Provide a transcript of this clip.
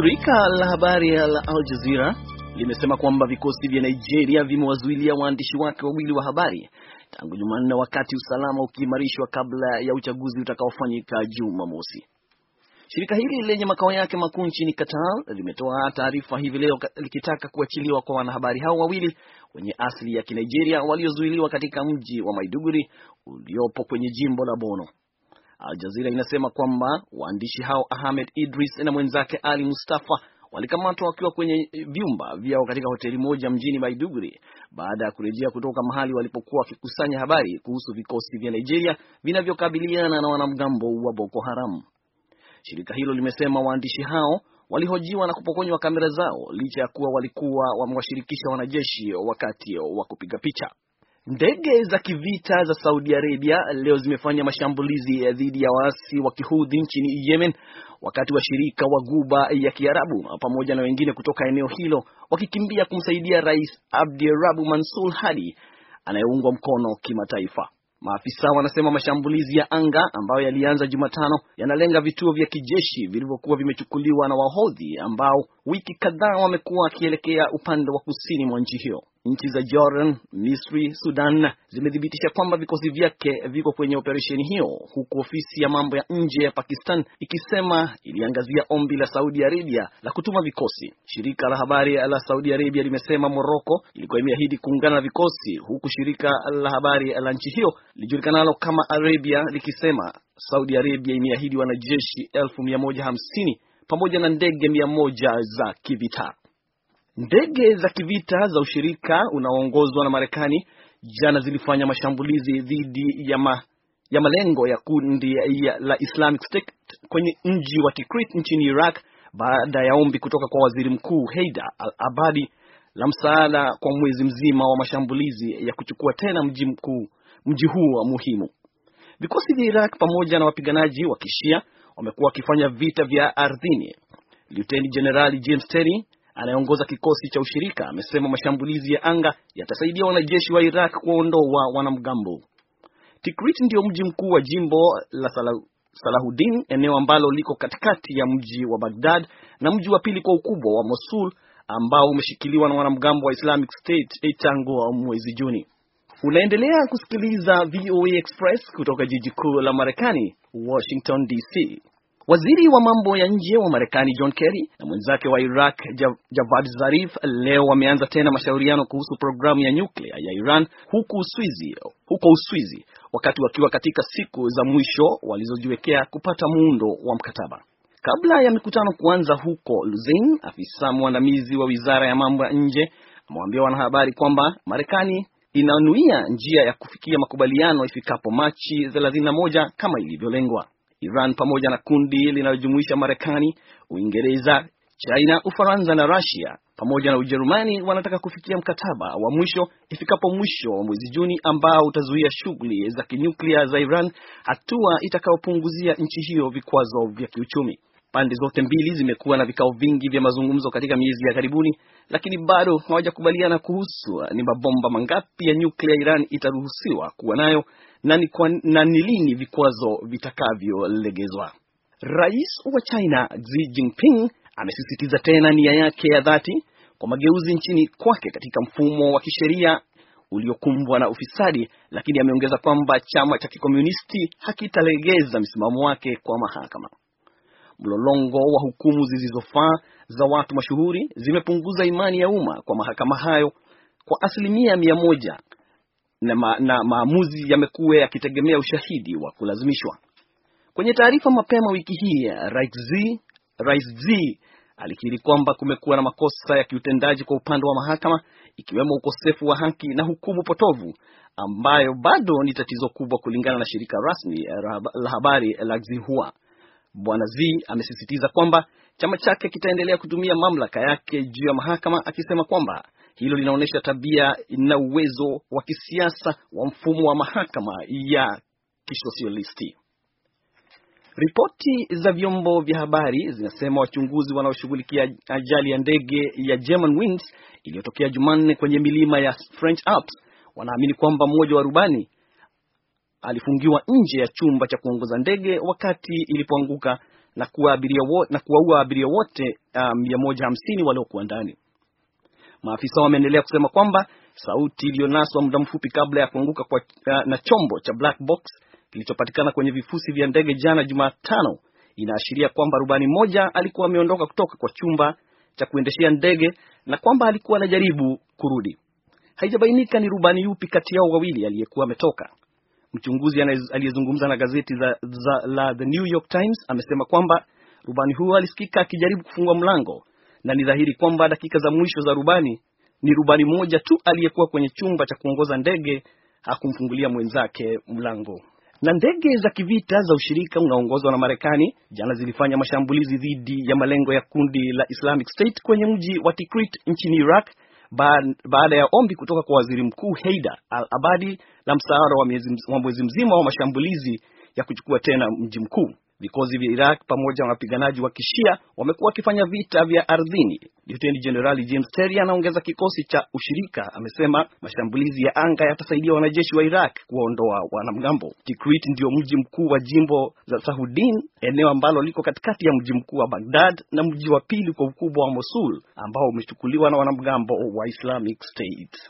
Shirika la habari la Al Jazeera limesema kwamba vikosi vya Nigeria vimewazuilia waandishi wake wawili wa habari tangu Jumanne, wakati usalama ukiimarishwa kabla ya uchaguzi utakaofanyika Jumamosi. Shirika hili lenye makao yake makuu nchini Qatar limetoa taarifa hivi leo likitaka kuachiliwa kwa wanahabari hao wawili wenye asili ya Kinigeria waliozuiliwa katika mji wa Maiduguri uliopo kwenye jimbo la Bono. Aljazira inasema kwamba waandishi hao Ahmed Idris na mwenzake Ali Mustafa walikamatwa wakiwa kwenye vyumba vyao katika hoteli moja mjini Maiduguri baada ya kurejea kutoka mahali walipokuwa wakikusanya habari kuhusu vikosi vya Nigeria vinavyokabiliana na wanamgambo wa Boko Haram. Shirika hilo limesema waandishi hao walihojiwa na kupokonywa kamera zao licha ya kuwa walikuwa wamewashirikisha wanajeshi wakati wa kupiga picha. Ndege za kivita za Saudi Arabia leo zimefanya mashambulizi eh, dhidi ya waasi wa kihudhi nchini Yemen, wakati washirika wa guba ya Kiarabu pamoja na wengine kutoka eneo hilo wakikimbia kumsaidia Rais Abdirabu Mansur Hadi anayeungwa mkono kimataifa. Maafisa wanasema mashambulizi ya anga ambayo yalianza Jumatano yanalenga vituo vya kijeshi vilivyokuwa vimechukuliwa na Wahodhi ambao wiki kadhaa wamekuwa wakielekea upande wa kusini mwa nchi hiyo. Nchi za Jordan, Misri, Sudan zimethibitisha kwamba vikosi vyake viko kwenye operesheni hiyo, huku ofisi ya mambo ya nje ya Pakistan ikisema iliangazia ombi la Saudi Arabia la kutuma vikosi. Shirika la habari la Saudi Arabia limesema Moroko ilikuwa imeahidi kuungana na vikosi, huku shirika la habari la nchi hiyo lijulikanalo kama Arabia likisema Saudi Arabia imeahidi wanajeshi elfu mia moja hamsini pamoja na ndege mia moja za kivita. Ndege za kivita za ushirika unaoongozwa na Marekani jana zilifanya mashambulizi dhidi ya, ma, ya malengo ya kundi ya, la Islamic State kwenye mji wa Tikrit nchini Iraq baada ya ombi kutoka kwa Waziri Mkuu heida al-Abadi la msaada kwa mwezi mzima wa mashambulizi ya kuchukua tena mji mkuu mji wa muhimu. Vikosi vya Iraq pamoja na wapiganaji wa Kishia wamekuwa wakifanya vita vya ardhini. Luteni Jenerali James Terry anayeongoza kikosi cha ushirika amesema mashambulizi ya anga yatasaidia wanajeshi wa Iraq kuwaondoa wanamgambo. Tikrit ndio mji mkuu wa jimbo la Salahuddin, eneo ambalo liko katikati ya mji wa Baghdad na mji wa pili kwa ukubwa wa Mosul ambao umeshikiliwa na wanamgambo wa Islamic State tangu mwezi Juni. Unaendelea kusikiliza VOA Express kutoka jiji kuu la Marekani, Washington DC. Waziri wa mambo ya nje wa Marekani John Kerry na mwenzake wa Iraq Javad Zarif leo wameanza tena mashauriano kuhusu programu ya nyuklia ya Iran huko Uswizi, huko Uswizi wakati wakiwa katika siku za mwisho walizojiwekea kupata muundo wa mkataba. Kabla ya mikutano kuanza huko Luzin, afisa mwandamizi wa wizara ya mambo ya nje amewaambia wanahabari kwamba Marekani inanuia njia ya kufikia makubaliano ifikapo Machi 31 kama ilivyolengwa. Iran pamoja na kundi linalojumuisha Marekani, Uingereza, China, Ufaransa na Russia pamoja na Ujerumani wanataka kufikia mkataba wa mwisho ifikapo mwisho wa mwezi Juni ambao utazuia shughuli za kinyuklia za Iran, hatua itakayopunguzia nchi hiyo vikwazo vya kiuchumi. Pande zote mbili zimekuwa na vikao vingi vya mazungumzo katika miezi ya karibuni, lakini bado hawajakubaliana kuhusu ni mabomba mangapi ya nyuklia Iran itaruhusiwa kuwa nayo na ni, kwa, na ni lini vikwazo vitakavyolegezwa. Rais wa China Xi Jinping amesisitiza tena nia yake ya dhati kwa mageuzi nchini kwake katika mfumo wa kisheria uliokumbwa na ufisadi, lakini ameongeza kwamba chama cha kikomunisti hakitalegeza msimamo wake kwa mahakama. Mlolongo wa hukumu zilizofaa za watu mashuhuri zimepunguza imani ya umma kwa mahakama hayo kwa asilimia mia moja na, ma, na maamuzi yamekuwa yakitegemea ushahidi wa kulazimishwa. Kwenye taarifa mapema wiki hii, Rais Z alikiri kwamba kumekuwa na makosa ya kiutendaji kwa upande wa mahakama ikiwemo ukosefu wa haki na hukumu potovu ambayo bado ni tatizo kubwa kulingana na shirika rasmi la habari la Xinhua. Bwana Z amesisitiza kwamba chama chake kitaendelea kutumia mamlaka yake juu ya mahakama akisema kwamba hilo linaonyesha tabia na uwezo wa kisiasa wa mfumo wa mahakama ya kisosialisti. Ripoti za vyombo vya habari zinasema wachunguzi wanaoshughulikia ajali ya ndege ya Germanwings iliyotokea Jumanne kwenye milima ya French Alps wanaamini kwamba mmoja wa rubani alifungiwa nje ya chumba cha kuongoza ndege wakati ilipoanguka na kuwaua abiria wote 150 ah, waliokuwa ndani. Maafisa wameendelea kusema kwamba sauti iliyonaswa muda mfupi kabla ya kuanguka kwa, eh, na chombo cha black box kilichopatikana kwenye vifusi vya ndege jana Jumatano inaashiria kwamba rubani mmoja alikuwa ameondoka kutoka kwa chumba cha kuendeshea ndege na kwamba alikuwa anajaribu kurudi. Haijabainika ni rubani yupi kati yao wawili aliyekuwa ametoka. Mchunguzi aliyezungumza na gazeti za, za, la The New York Times amesema kwamba rubani huyo alisikika akijaribu kufungua mlango na ni dhahiri kwamba dakika za mwisho za rubani ni rubani mmoja tu aliyekuwa kwenye chumba cha kuongoza ndege hakumfungulia mwenzake mlango. Na ndege za kivita za ushirika unaoongozwa na Marekani jana zilifanya mashambulizi dhidi ya malengo ya kundi la Islamic State kwenye mji wa Tikrit nchini Iraq baada ya ombi kutoka kwa Waziri Mkuu heida al-Abadi la msaara wa mwezi mzima wa mashambulizi ya kuchukua tena mji mkuu. Vikosi vya Iraq pamoja na wapiganaji wa Kishia wamekuwa wakifanya vita vya ardhini. Lieutenant Jenerali James Terry anaongeza kikosi cha ushirika. Amesema mashambulizi ya anga yatasaidia wanajeshi wa Iraq kuwaondoa wanamgambo. Tikrit ndio mji mkuu wa jimbo za Sahudin, eneo ambalo liko katikati ya mji mkuu wa Baghdad na mji wa pili kwa ukubwa wa Mosul ambao umechukuliwa na wanamgambo wa Islamic State.